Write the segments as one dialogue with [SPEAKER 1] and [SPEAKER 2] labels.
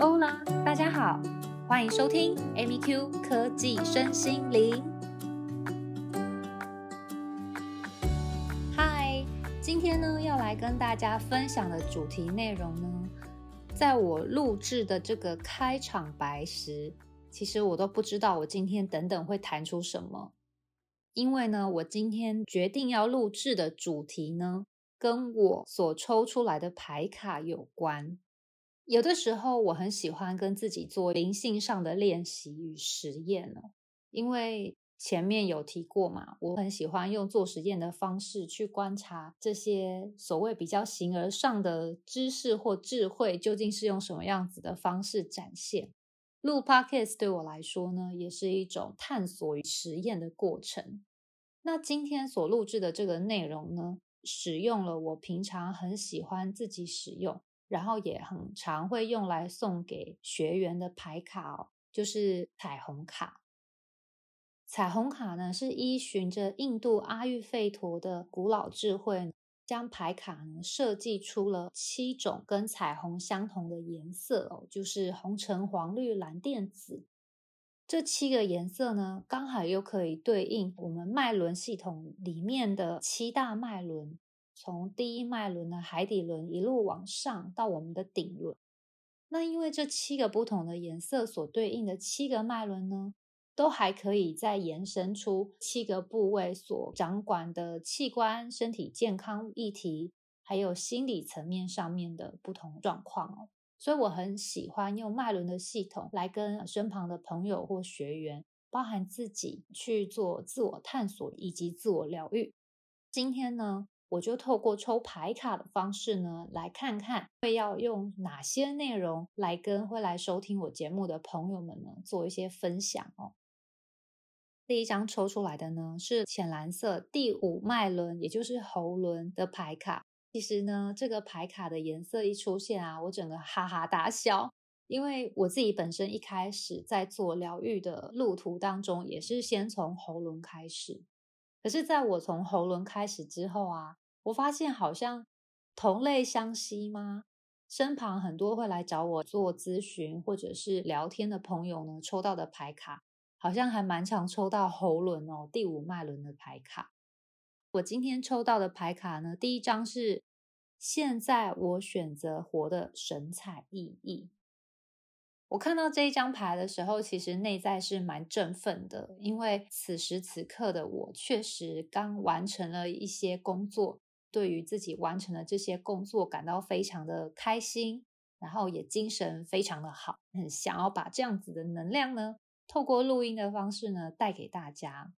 [SPEAKER 1] 歐啦，Hola, 大家好，歡迎收聽 AmyQ 科技身心靈。嗨，今天呢要來跟大家分享的主題內容呢，在我錄製的這個開場白時，其實我都不知道我今天等等會談出什麼，因為呢，我今天決定要錄製的主題呢，跟我所抽出來的牌卡有關。有的時候，我很喜歡跟自己做靈性上的練習與實驗了，因為前面有提過嘛，我很喜歡用做實驗的方式去觀察這些所謂比較形而上的知識或智慧究竟是用什麼樣子的方式展現。錄 podcast 對我來說呢，也是一種探索與實驗的過程。那今天所錄制的這個內容呢，使用了我平常很喜歡自己使用。然後也很常會用來送給學員的牌卡哦，就是彩虹卡。彩虹卡呢是依循着印度阿育吠陀的古老智慧，將牌卡呢設計出了七種跟彩虹相同的顏色哦，就是紅、橙、黃、綠、藍、靛、紫。這七個顏色呢，剛好又可以對應我們脈輪系統裡面的七大脈輪。從第一脈輪的海底輪一路往上到我們的頂輪，那因為這七個不同的顏色所對應的七個脈輪呢，都還可以再延伸出七個部位所掌管的器官、身體健康議題，還有心理層面上面的不同狀況哦。所以我很喜歡用脈輪的系統來跟身旁的朋友或學員，包含自己去做自我探索以及自我療癒。今天呢，我就透過抽牌卡的方式呢，來看看會要用哪些內容來跟會來收聽我節目的朋友們呢做一些分享哦。第一張抽出來的呢是淺藍色第五脈輪，也就是喉輪的牌卡。其實呢，這個牌卡的顏色一出現啊，我整個哈哈大笑，因為我自己本身一開始在做療癒的路途當中，也是先從喉輪開始。可是，在我從喉輪開始之後啊，我發現好像同類相吸嗎？身旁很多會來找我做諮詢或者是聊天的朋友呢，抽到的牌卡好像還蠻常抽到喉輪哦，第五脈輪的牌卡。我今天抽到的牌卡呢，第一張是現在我選擇活得神采奕奕。我看到這一張牌的時候，其實內在是蠻振奮的，因為此時此刻的我確實剛完成了一些工作，對於自己完成了這些工作感到非常的開心，然後也精神非常的好，很想要把這樣子的能量呢，透過錄音的方式呢帶給大家。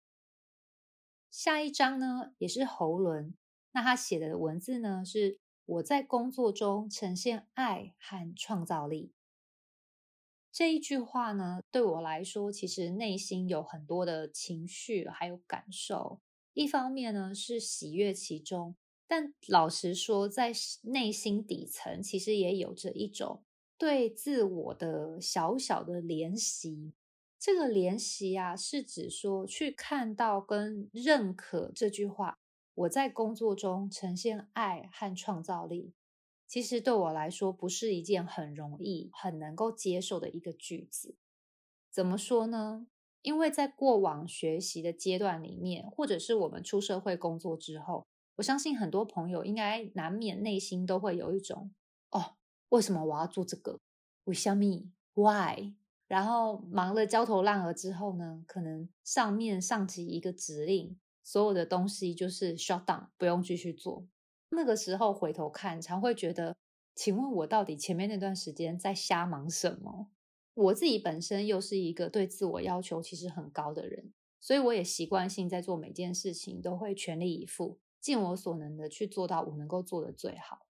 [SPEAKER 1] 下一張呢也是喉輪，那他寫的文字呢是我在工作中呈現愛和創造力。這一句話呢，對我來說，其實內心有很多的情緒還有感受。一方面呢是喜悅其中，但老實說，在內心底層，其實也有着一種對自我的小小的憐惜。這個憐惜啊，是指說去看到跟認可這句話。我在工作中呈現愛和創造力。其實對我來說不是一件很容易、很能夠接受的一個句子。怎麼說呢？因為在過往學習的階段裡面，或者是我們出社會工作之後，我相信很多朋友應該難免內心都會有一種“哦，為什麼我要做這個？”為什麼？Why？然後忙了焦頭爛額之後呢，可能上面上級一個指令，所有的東西就是 shut down，不用繼續做。那個時候回頭看，常會覺得，請問我到底前面那段時間在瞎忙什麼？我自己本身又是一個對自我要求其實很高的人，所以我也習慣性在做每件事情都會全力以赴，盡我所能的去做到我能夠做的最好。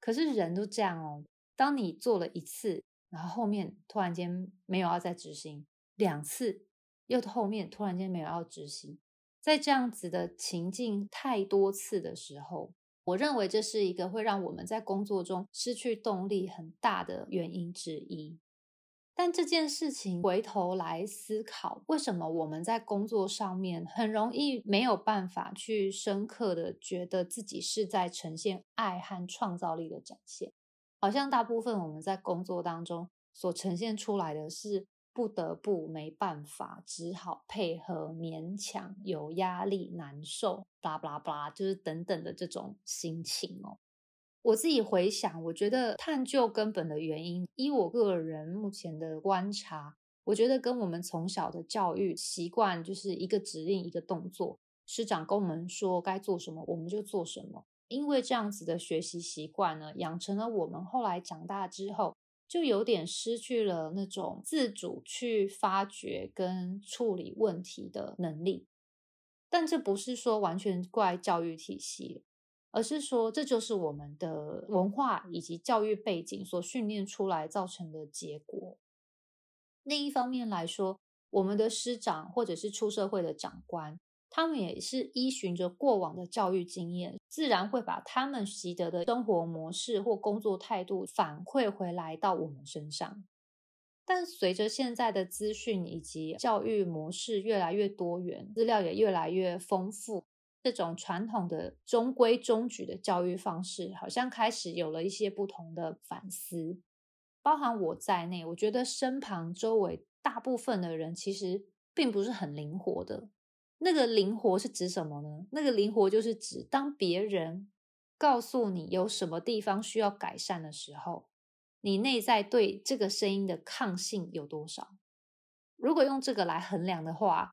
[SPEAKER 1] 可是人都這樣哦，當你做了一次，然後後面突然間沒有要再執行，兩次，又後面突然間沒有要執行，在這樣子的情境太多次的時候。我認為這是一個會讓我們在工作中失去動力很大的原因之一。但這件事情回頭來思考，為什麼我們在工作上面很容易沒有辦法去深刻的覺得自己是在呈現愛和創造力的展現？好像大部分我們在工作當中所呈現出來的是。不得不沒辦法，只好配合，勉強，有壓力，難受，巴拉巴拉，就是等等的這種心情哦。我自己回想，我覺得探究根本的原因，依我個人目前的觀察，我覺得跟我們從小的教育習慣，就是一個指令，一個動作，師長跟我們說該做什麼，我們就做什麼。因為這樣子的學習習慣呢，養成了我們後來長大之後。就有點失去了那種自主去發掘跟處理問題的能力，但這不是說完全怪教育體系，而是說這就是我們的文化以及教育背景所訓練出來造成的結果。另一方面來說，我們的師長或者是出社會的長官，他們也是依循着過往的教育經驗，自然會把他們習得的生活模式或工作態度反饋回來到我們身上。但隨着現在的資訊以及教育模式越來越多元，資料也越來越豐富，這種傳統的中規中矩的教育方式，好像開始有了一些不同的反思。包含我在內，我覺得身旁周圍大部分的人其實並不是很靈活的。那個靈活是指什麼呢？那個靈活就是指當別人告訴你有什麼地方需要改善的時候，你內在對這個聲音的抗性有多少？如果用這個來衡量的話，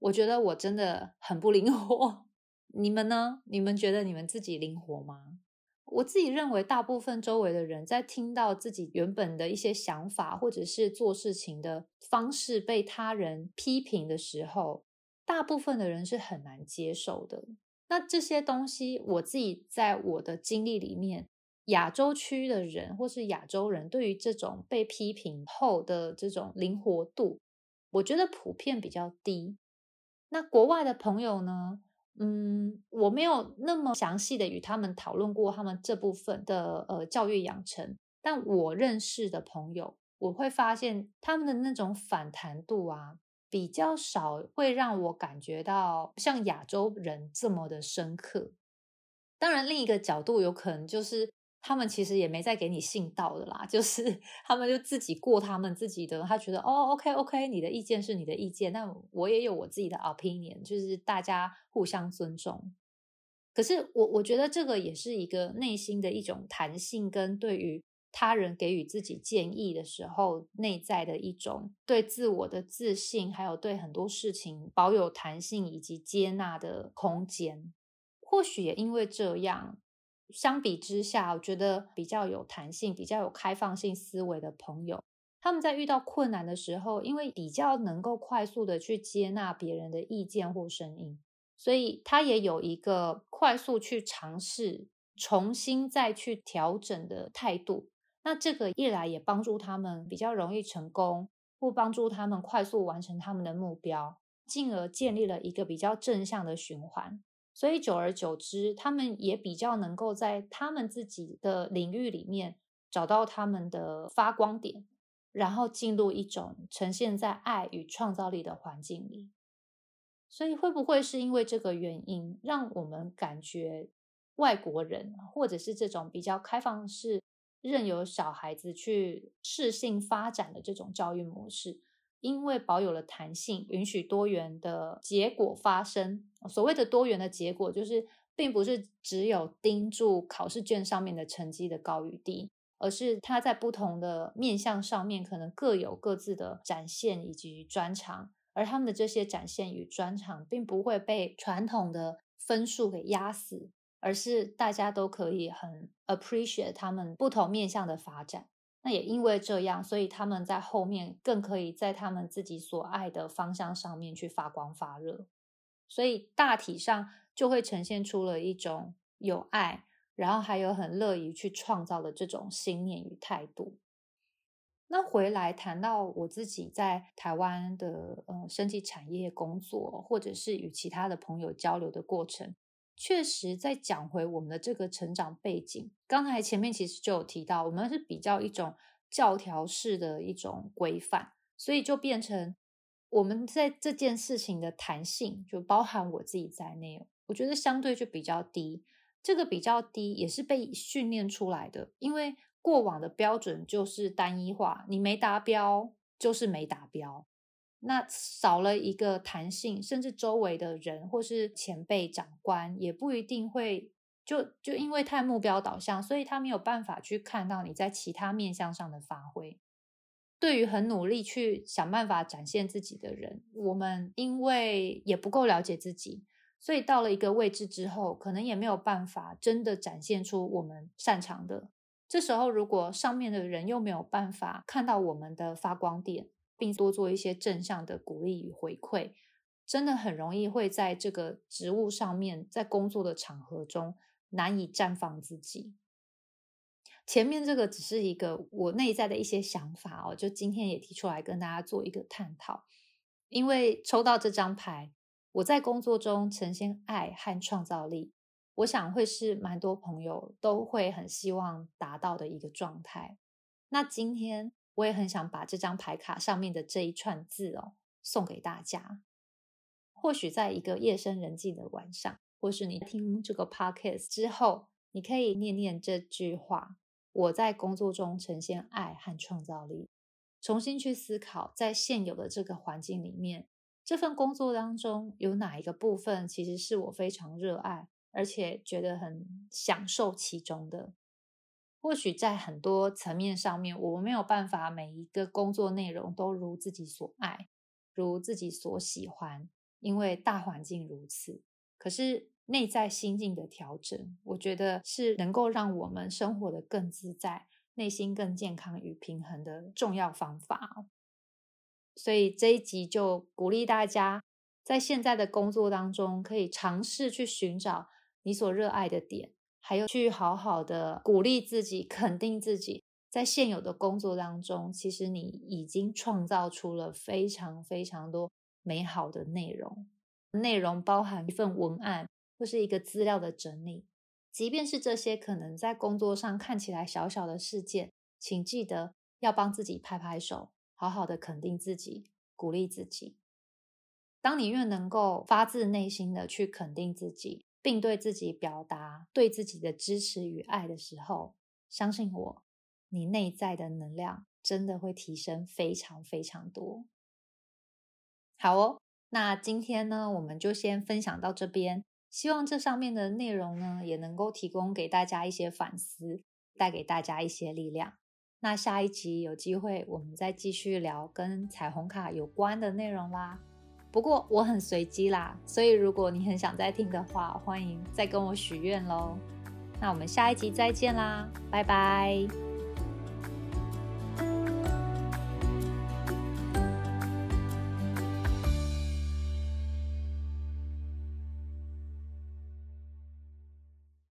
[SPEAKER 1] 我覺得我真的很不靈活。你們呢？你們覺得你們自己靈活嗎？我自己認為，大部分周圍的人在聽到自己原本的一些想法或者是做事情的方式被他人批評的時候。大部分的人是很難接受的。那這些東西，我自己在我的經歷裡面，亞洲區的人或是亞洲人對於這種被批評後的這種靈活度，我覺得普遍比較低。那國外的朋友呢？嗯，我沒有那麼詳細的與他們討論過他們這部分的呃教育養成，但我認識的朋友，我會發現他們的那種反彈度啊。比較少會讓我感覺到像亞洲人這麼的深刻。當然，另一個角度有可能就是他們其實也沒在給你信道的啦，就是他們就自己過他們自己的。他覺得哦，OK OK，你的意見是你的意見，但我也有我自己的 opinion，就是大家互相尊重。可是我我覺得這個也是一個內心的一種彈性跟對於。他人給予自己建議的時候，內在的一種對自我的自信，還有對很多事情保有彈性以及接納的空間。或許也因為這樣，相比之下，我覺得比較有彈性、比較有開放性思維的朋友，他們在遇到困難的時候，因為比較能夠快速的去接納別人的意見或聲音，所以他也有一個快速去嘗試、重新再去調整的態度。那這個一來也幫助他們比較容易成功，或幫助他們快速完成他們的目標，進而建立了一個比較正向的循環。所以久而久之，他們也比較能夠在他們自己的領域裡面找到他們的發光點，然後進入一種呈現在愛與創造力的環境裡。所以會不會是因為這個原因，讓我們感覺外國人或者是這種比較開放式，任由小孩子去適性發展的這種教育模式，因為保有了彈性，允許多元的結果發生。所謂的多元的結果，就是並不是只有盯住考試卷上面的成績的高與低，而是他在不同的面向上面可能各有各自的展現以及專長，而他們的這些展現與專長，並不會被傳統的分數給壓死。而是大家都可以很 appreciate 他們不同面向的發展，那也因為這樣，所以他們在後面更可以在他們自己所愛的方向上面去發光發熱，所以大體上就會呈現出了一種有愛，然後還有很樂於去創造的這種信念與態度。那回來談到我自己在台灣的呃身體產業工作，或者是與其他的朋友交流的過程。確實在講回我們的這個成長背景，剛才前面其實就有提到，我們是比較一種教條式的一種規範，所以就變成我們在這件事情的彈性，就包含我自己在內，我覺得相對就比較低，這個比較低也是被訓練出來的，因為過往的標準就是單一化，你沒達標就是沒達標。那少了一個彈性，甚至周圍的人或是前輩長官也不一定會就就因為太目標導向，所以他沒有辦法去看到你在其他面向上的發揮。對於很努力去想辦法展現自己的人，我們因為也不夠了解自己，所以到了一個位置之後，可能也沒有辦法真的展現出我們擅長的。這時候，如果上面的人又沒有辦法看到我們的發光點。並多做一些正向的鼓勵與回饋，真的很容易會在這個職務上面，在工作的場合中難以綻放自己。前面這個只是一個我內在的一些想法哦，就今天也提出來跟大家做一個探討。因為抽到這張牌，我在工作中呈現愛和創造力，我想會是蠻多朋友都會很希望達到的一個狀態。那今天，我也很想把這張牌卡上面的這一串字哦送給大家。或許在一個夜深人靜的晚上，或是你聽這個 podcast 之後，你可以念念這句話：“我在工作中呈現愛和創造力，重新去思考，在現有的這個環境裡面，這份工作當中有哪一個部分，其實是我非常熱愛，而且覺得很享受其中的。”或許在很多層面上面，我們沒有辦法每一個工作內容都如自己所愛，如自己所喜歡，因為大環境如此。可是內在心境的調整，我覺得是能夠讓我們生活得更自在，內心更健康與平衡的重要方法。所以這一集就鼓勵大家，在現在的工作當中，可以嘗試去尋找你所熱愛的點。還要去好好的鼓勵自己，肯定自己。在現有的工作當中，其實你已經創造出了非常非常多美好的內容。內容包含一份文案，或是一個資料的整理。即便是這些可能在工作上看起來小小的事件，請記得要幫自己拍拍手，好好的肯定自己，鼓勵自己。當你越能夠發自內心的去肯定自己，並對自己表達對自己的支持與愛的時候，相信我，你內在的能量真的會提升非常非常多。好哦，那今天呢，我們就先分享到這邊，希望這上面的內容呢，也能夠提供給大家一些反思，帶給大家一些力量。那下一集有機會，我們再繼續聊跟彩虹卡有關的內容啦。不過我很隨機啦，所以如果你很想再聽的話，歡迎再跟我許願咯。那我們下一集再見啦，拜拜。